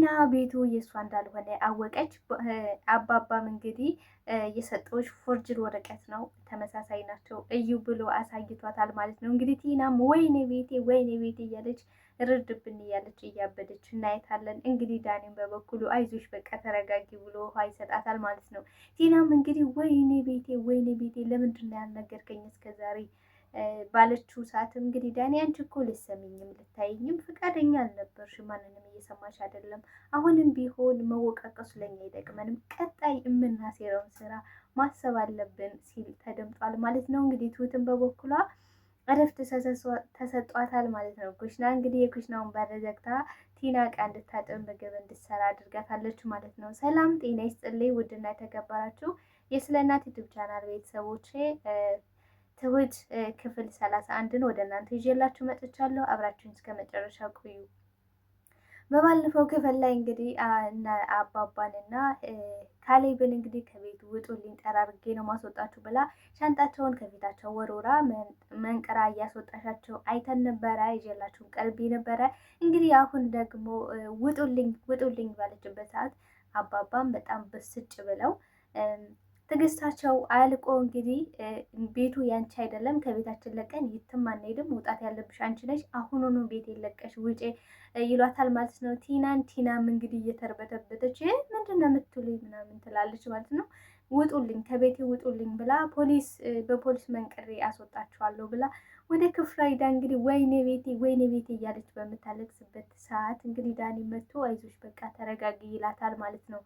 ቲና ቤቱ የእሷ እንዳልሆነ አወቀች። አባባም እንግዲህ የሰጠዎች ፎርጅድ ወረቀት ነው ተመሳሳይ ናቸው እዩ ብሎ አሳይቷታል ማለት ነው። እንግዲህ ቲናም ወይኔ ቤቴ ወይኔ ቤቴ እያለች ርድብን እያለች እያበደች እናየታለን። እንግዲህ ዳኒም በበኩሉ አይዞሽ በቃ ተረጋጊ ብሎ ውሃ ይሰጣታል ማለት ነው። ቲናም እንግዲህ ወይኔ ቤቴ ወይኔ ቤቴ ለምንድን ነው ያልነገርከኝ እስከዛሬ ባለችው ሰዓት እንግዲህ ዳኒ አንቺ እኮ ልትሰሚኝም ልታይኝም ፈቃደኛ አልነበርሽም፣ ማንንም እየሰማሽ አይደለም። አሁንም ቢሆን መወቃቀሱ ለኛ አይጠቅመንም፣ ቀጣይ የምናሴረውን ስራ ማሰብ አለብን ሲል ተደምጧል ማለት ነው። እንግዲህ ትሁትን በበኩሏ እረፍት ተሰጧታል ማለት ነው። ኩሽና እንግዲህ የኩሽናውን በር ቲና ዕቃ እንድታጥብ ምግብ እንድትሰራ አድርጋታለች ማለት ነው። ሰላም ጤና ይስጥልኝ ውድና የተከበራችሁ የስለ እናት ዩቱብ ቻናል ቤተሰቦቼ ትሁት ክፍል ሰላሳ አንድን ወደ እናንተ ይዤላችሁ መጥቻለሁ። አብራችሁን እስከ መጨረሻው ቆዩ። በባለፈው ክፍል ላይ እንግዲህ አባባንና ካሌብን እንግዲህ ከቤት ውጡልኝ፣ ጠራርጌ ነው ማስወጣችሁ ብላ ሻንጣቸውን ከፊታቸው ወሮራ መንቅራ እያስወጣሻቸው አይተን ነበረ። ይዤላችሁን ቀልቢ ነበረ። እንግዲህ አሁን ደግሞ ውጡልኝ ውጡልኝ ባለችበት ሰዓት አባባን በጣም ብስጭ ብለው ትግስታቸው አልቆ እንግዲህ ቤቱ ያንቺ አይደለም፣ ከቤታችን ለቀን ይትም አንሄድም፣ መውጣት ያለብሽ አንቺ ነሽ፣ አሁኑኑ ቤት የለቀሽ ውጪ ይሏታል ማለት ነው። ቲናን ቲናም እንግዲህ እየተርበተበተች ምንድን ነው የምትሉኝ ምናምን ትላለች ማለት ነው። ውጡልኝ፣ ከቤቴ ውጡልኝ ብላ ፖሊስ በፖሊስ መንቅሬ አስወጣችኋለሁ ብላ ወደ ክፍሏ ሂዳ እንግዲህ ወይኔ ቤቴ ወይኔ ቤቴ እያለች በምታለቅስበት ሰዓት እንግዲህ ዳኒ መጥቶ አይዞሽ በቃ ተረጋጊ ይላታል ማለት ነው።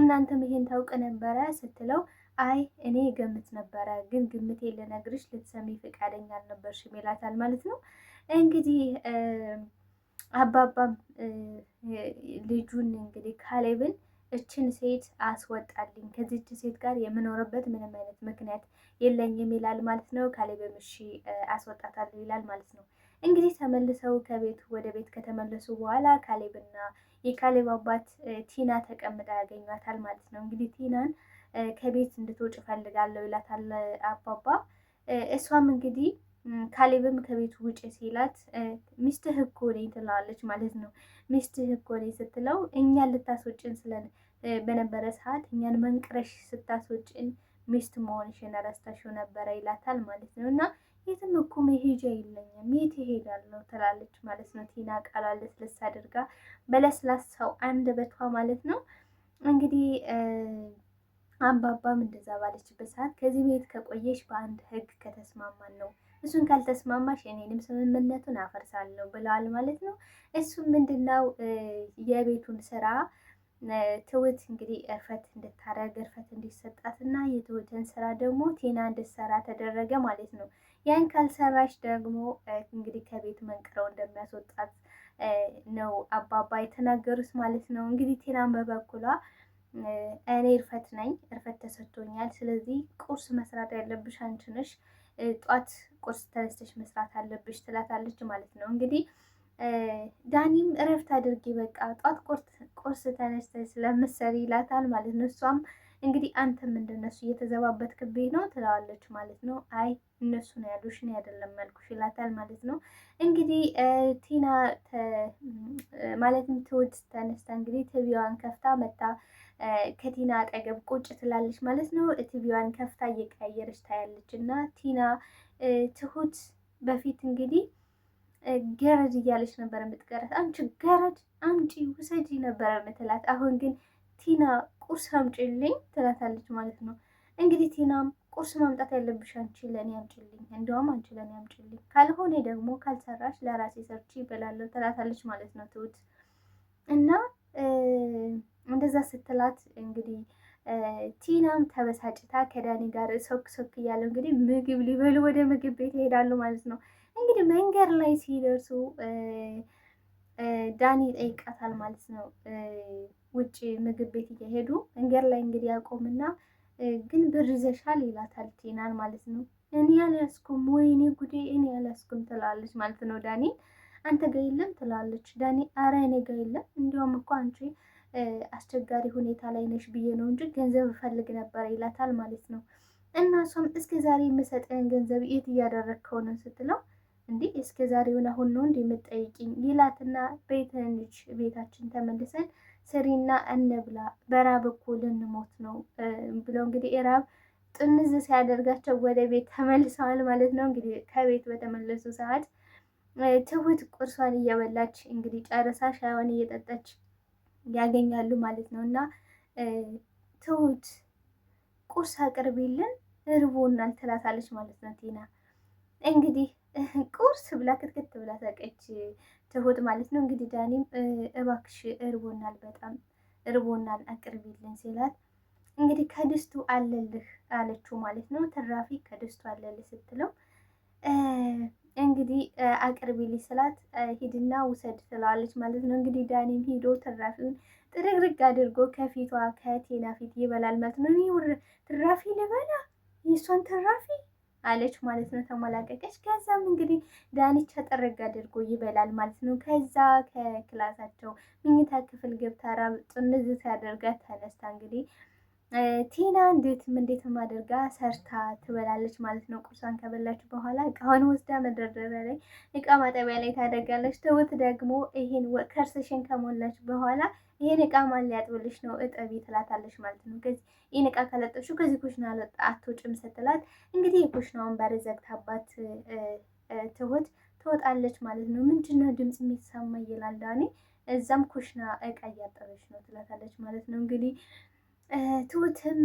እናንተም ይሄን ታውቅ ነበረ ስትለው አይ እኔ ገምት ነበረ፣ ግን ግምቴ ልነግርሽ ልትሰሚ ፈቃደኛ አልነበርሽም ይላታል ማለት ነው። እንግዲህ አባባም ልጁን እንግዲህ ካሌብን እችን ሴት አስወጣልኝ፣ ከዚች ሴት ጋር የምኖርበት ምንም አይነት ምክንያት የለኝም ይላል ማለት ነው። ካሌብም እሺ አስወጣታለሁ ይላል ማለት ነው። እንግዲህ ተመልሰው ከቤት ወደ ቤት ከተመለሱ በኋላ ካሌብና የካሌብ አባት ቲና ተቀምጣ ያገኟታል ማለት ነው። እንግዲህ ቲናን ከቤት እንድትወጭ ፈልጋለሁ ይላታል አባባ። እሷም እንግዲህ ካሌብም ከቤቱ ውጭ ሲላት ሚስትህ እኮ ነኝ ትለዋለች ማለት ነው። ሚስትህ እኮ ነኝ ስትለው እኛን ልታስወጭን ስለን በነበረ ሰዓት እኛን መንቅረሽ ስታስወጭን ሚስት መሆንሽን ረስተሽው ነበረ ይላታል ማለት ነው እና የትም እኮ መሄጃ የለኝም የት እሄዳለሁ ትላለች ማለት ነው። ቲና ቃሏን ለስለስ አድርጋ በለስላሳው አንደበቷ ማለት ነው እንግዲህ አባባም እንደዛ ባለችበት ሰዓት ከዚህ ቤት ከቆየሽ በአንድ ህግ ከተስማማን ነው እሱን ካልተስማማሽ እኔንም ስምምነቱን አፈርሳለሁ ብለዋል ማለት ነው። እሱም ምንድነው የቤቱን ስራ ትውት እንግዲህ እርፈት እንድታረግ እርፈት እንዲሰጣትና የትውትን ስራ ደግሞ ቴና እንድትሰራ ተደረገ ማለት ነው። ያን ካልሰራሽ ደግሞ እንግዲህ ከቤት መንቅረው እንደሚያስወጣት ነው አባባ የተናገሩት ማለት ነው። እንግዲህ ቴናን በበኩሏ እኔ እርፈት ነኝ፣ እርፈት ተሰጥቶኛል። ስለዚህ ቁርስ መስራት ያለብሽ አንቺ ነሽ፣ ጧት ቁርስ ተነስተሽ መስራት አለብሽ ትላታለች ማለት ነው። እንግዲህ ዳኒም እረፍት አድርጊ፣ በቃ ጧት ቁርስ ተነስተሽ ስለምትሰሪ ይላታል ማለት ነው እሷም እንግዲህ አንተም እንደነሱ እየተዘባበትክብኝ ነው ትለዋለች ማለት ነው። አይ እነሱ ነው ያሉሽ እኔ አይደለም ያልኩሽ ይላታል ማለት ነው። እንግዲህ ቲና ማለትም ትውድ ተነስታ እንግዲህ ትቢዋን ከፍታ መታ ከቲና አጠገብ ቁጭ ትላለች ማለት ነው። ቲቪዋን ከፍታ እየቀያየረች ታያለች እና ቲና ትሁት በፊት እንግዲህ ገረድ እያለች ነበረ የምትቀረት አንቺ ገረድ አምጪ ውሰጂ ነበረ የምትላት አሁን ግን ቲና ቁርስ አምጪልኝ ትላታለች ማለት ነው። እንግዲህ ቲናም ቁርስ ማምጣት ያለብሽ አንቺ ለእኔ አምጪልኝ፣ እንዲያውም አንቺ ለእኔ አምጪልኝ፣ ካልሆነ ደግሞ ካልሰራሽ ለራሴ ሰርቼ ይበላለሁ ትላታለች ማለት ነው ትሁት እና እንደዛ ስትላት እንግዲህ ቲናም ተበሳጭታ ከዳኒ ጋር ሶክ ሶክ እያለ እንግዲህ ምግብ ሊበሉ ወደ ምግብ ቤት ይሄዳሉ ማለት ነው። እንግዲህ መንገድ ላይ ሲደርሱ ዳኒ ይጠይቃታል ማለት ነው። ውጭ ምግብ ቤት እየሄዱ መንገድ ላይ እንግዲህ ያቆምና ግን ብር ይዘሻል ይላታል ቲናን ማለት ነው። እኔ አልያዝኩም፣ ወይኔ ጉዴ እኔ አልያዝኩም ትላለች ማለት ነው። ዳኒ አንተ ጋ የለም ትላለች። ዳኒ አረ እኔ ጋ የለም፣ እንዲያውም እኮ አንቺ አስቸጋሪ ሁኔታ ላይ ነሽ ብዬ ነው እንጂ ገንዘብ እፈልግ ነበረ ይላታል ማለት ነው። እና እሷም እስከ ዛሬ የምሰጠን ገንዘብ የት እያደረግከው ነው ስትለው እንዲህ እስከ ዛሬውን አሁን ነው እንዲህ የምጠይቅኝ ይላትና በትንሽ ቤታችን ተመልሰን ስሪና እንብላ በራብ እኮ ልንሞት ነው ብለው እንግዲህ የራብ ጥንዝ ሲያደርጋቸው ወደ ቤት ተመልሰዋል ማለት ነው። እንግዲህ ከቤት በተመለሱ ሰዓት ትሁት ቁርሷን እየበላች እንግዲህ ጨርሳ ሻይዋን እየጠጣች ያገኛሉ ማለት ነው። እና ትሁት ቁርስ አቅርቢልን እርቦናል ትላታለች ማለት ነው። ቲና እንግዲህ ቁርስ ብላ ክትክት ብላ ሳቀች። ትሁት ማለት ነው። እንግዲህ ዳኒም እባክሽ እርቦናል፣ በጣም እርቦናል አቅርቢልን ሲላት እንግዲህ ከድስቱ አለልህ አለችው ማለት ነው። ትራፊ ከድስቱ አለልህ ስትለው እንግዲህ አቅርቢልኝ ስላት ሂድና ውሰድ ትለዋለች ማለት ነው። እንግዲህ ዳኒም ሂዶ ትራፊውን ጥርግርግ አድርጎ ከፊቷ ከቴና ፊት ይበላል ማለት ነው። ትራፊ ልበላ የእሷን ትራፊ አለች ማለት ነው። ተሞላቀቀች። ከዛም እንግዲህ ዳንቻ ጠረግ አድርጎ ይበላል ማለት ነው። ከዛ ከክላሳቸው ምኝታ ክፍል ገብታ ራብ ጥንዝት ያደርጋት ተነስታ እንግዲህ ቲና እንዴትም እንዴትም አድርጋ ሰርታ ትበላለች ማለት ነው። ቁርሷን ከበላች በኋላ እቃውን ወስዳ መደርደሪያ ላይ እቃ ማጠቢያ ላይ ታደርጋለች። ትሁት ደግሞ ይሄን ከርስሽን ከሞላች በኋላ ይሄን እቃ ማን ሊያጥብልሽ ነው እጠቢ ትላታለች ማለት ነው። ከዚህ ይህን እቃ ካለጠብሽው ከዚህ ኩሽና አትወጭም ስትላት እንግዲህ የኩሽናውን በር ዘግታባት ትሁት ትወጣለች ማለት ነው። ምንድነው ድምፅ የሚሰማ ይላል ዳኔ። እዛም ኩሽና እቃ እያጠበች ነው ትላታለች ማለት ነው እንግዲህ ትሁትም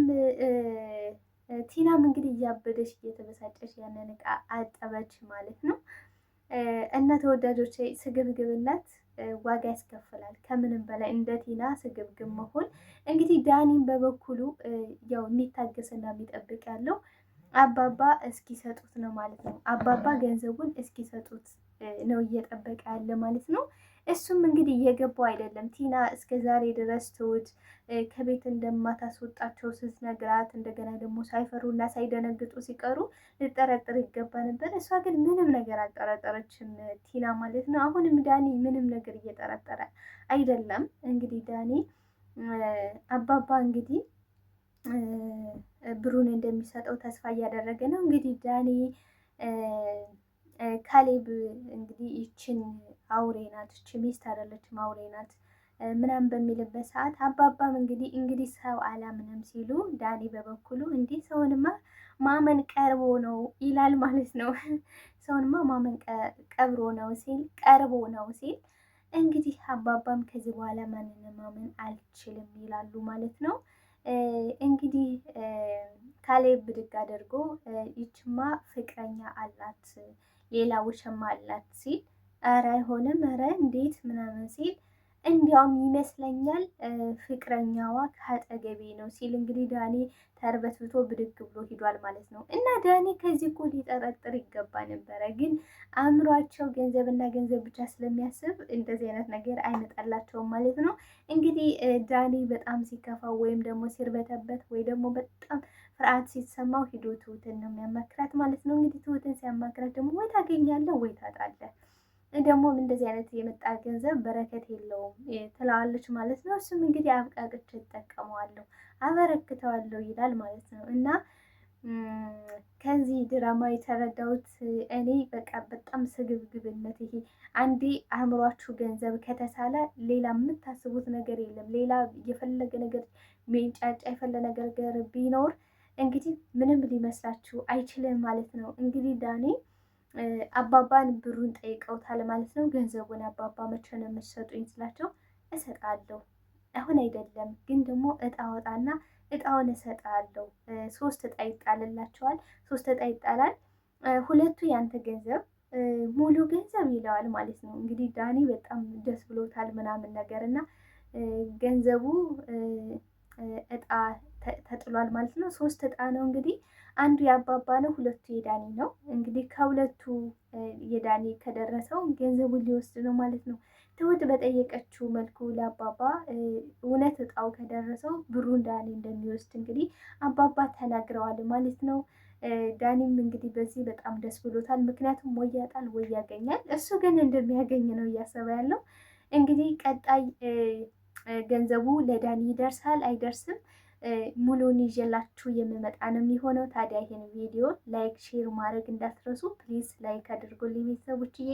ቲናም እንግዲህ እያበደች እየተበሳጨች ያንን እቃ አጠበች ማለት ነው። እና ተወዳጆች ስግብግብነት ዋጋ ያስከፍላል። ከምንም በላይ እንደ ቲና ስግብግብ መሆን እንግዲህ ዳኒም በበኩሉ ያው የሚታገስና የሚጠብቅ ያለው አባባ እስኪሰጡት ነው ማለት ነው። አባባ ገንዘቡን እስኪሰጡት ነው እየጠበቀ ያለ ማለት ነው። እሱም እንግዲህ እየገባው አይደለም። ቲና እስከ ዛሬ ድረስ ትሁት ከቤት እንደማታስወጣቸው ስትነግራት እንደገና ደግሞ ሳይፈሩ ሳይደነግጡ ሲቀሩ ልጠረጥር ይገባ ነበር። እሷ ግን ምንም ነገር አልጠረጠረችም ቲና ማለት ነው። አሁንም ዳኒ ምንም ነገር እየጠረጠረ አይደለም። እንግዲህ ዳኒ አባባ እንግዲህ ብሩን እንደሚሰጠው ተስፋ እያደረገ ነው። እንግዲህ ዳኒ ካሌብ እንግዲህ ይችን አውሬ ናት፣ እች ሚስት አይደለችም አውሬ ናት ምናምን በሚልበት ሰዓት አባባም እንግዲህ እንግዲህ ሰው አላምንም ሲሉ፣ ዳኒ በበኩሉ እንዲህ ሰውንማ ማመን ቀርቦ ነው ይላል ማለት ነው። ሰውንማ ማመን ቀብሮ ነው ሲል ቀርቦ ነው ሲል እንግዲህ አባባም ከዚህ በኋላ ማንን ማመን አልችልም ይላሉ ማለት ነው። እንግዲህ ካሌብ ብድግ አድርጎ ይችማ ፍቅረኛ አላት ሌላ ውሸማ አላት ሲል ኧረ አይሆንም፣ ኧረ እንዴት ምናምን ሲል እንዲያውም ይመስለኛል ፍቅረኛዋ ከአጠገቤ ነው ሲል እንግዲህ ዳኔ ተርበትብቶ ብድግ ብሎ ሂዷል ማለት ነው። እና ዳኔ ከዚህ እኮ ሊጠረጥር ይገባ ነበረ፣ ግን አእምሯቸው ገንዘብና ገንዘብ ብቻ ስለሚያስብ እንደዚህ አይነት ነገር አይመጣላቸውም ማለት ነው። እንግዲህ ዳኔ በጣም ሲከፋው ወይም ደግሞ ሲርበተበት ወይ ደግሞ በጣም ፍርሃት ሲሰማው ሂዶ ትሁትን ነው የሚያማክራት ማለት ነው። እንግዲህ ትሁትን ሲያማክራት ደግሞ ወይ ታገኛለህ ወይ ታጣለህ ደግሞም እንደዚህ አይነት የመጣ ገንዘብ በረከት የለውም ትለዋለች ማለት ነው። እሱም እንግዲህ አብቃቅች እጠቀመዋለሁ አበረክተዋለሁ ይላል ማለት ነው እና ከዚህ ድራማ የተረዳሁት እኔ በቃ በጣም ስግብግብነት ይሄ አንዴ አእምሯችሁ ገንዘብ ከተሳለ ሌላ የምታስቡት ነገር የለም። ሌላ የፈለገ ነገር ሜንጫጫ የፈለ ነገር ቢኖር እንግዲህ ምንም ሊመስላችሁ አይችልም ማለት ነው እንግዲህ ዳኔ አባባን ብሩን ጠይቀውታል ማለት ነው። ገንዘቡን አባባ መቼ ነው የምትሰጡኝ ስላቸው እሰጣለሁ፣ አሁን አይደለም ግን ደግሞ እጣ ወጣና እጣውን እሰጣለሁ። ሶስት እጣ ይጣልላቸዋል። ሶስት እጣ ይጣላል። ሁለቱ ያንተ ገንዘብ ሙሉ ገንዘብ ይለዋል ማለት ነው። እንግዲህ ዳኒ በጣም ደስ ብሎታል ምናምን ነገር እና ገንዘቡ እጣ ተጥሏል ማለት ነው። ሶስት እጣ ነው እንግዲህ አንዱ የአባባ ነው፣ ሁለቱ የዳኒ ነው። እንግዲህ ከሁለቱ የዳኒ ከደረሰው ገንዘቡን ሊወስድ ነው ማለት ነው። ትሁት በጠየቀችው መልኩ ለአባባ እውነት እጣው ከደረሰው ብሩን ዳኒ እንደሚወስድ እንግዲህ አባባ ተናግረዋል ማለት ነው። ዳኒም እንግዲህ በዚህ በጣም ደስ ብሎታል። ምክንያቱም ወይ ያጣል ወይ ያገኛል። እሱ ግን እንደሚያገኝ ነው እያሰበ ያለው። እንግዲህ ቀጣይ ገንዘቡ ለዳኒ ይደርሳል አይደርስም ሙሉውን ይዤላችሁ የምመጣ ነው የሚሆነው። ታዲያ ይህን ቪዲዮ ላይክ፣ ሼር ማድረግ እንዳትረሱ ፕሊዝ። ላይክ አድርጉልኝ ቤተሰቦችዬ፣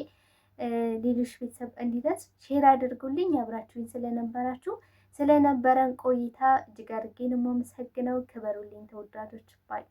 ሌሎች ቤተሰብ እንዲደርስ ሼር አድርጉልኝ። አብራችሁኝ ስለነበራችሁ ስለነበረን ቆይታ እጅግ አድርጌ ነው የማመሰግነው። ክበሩልኝ ተወዳጆች ባይ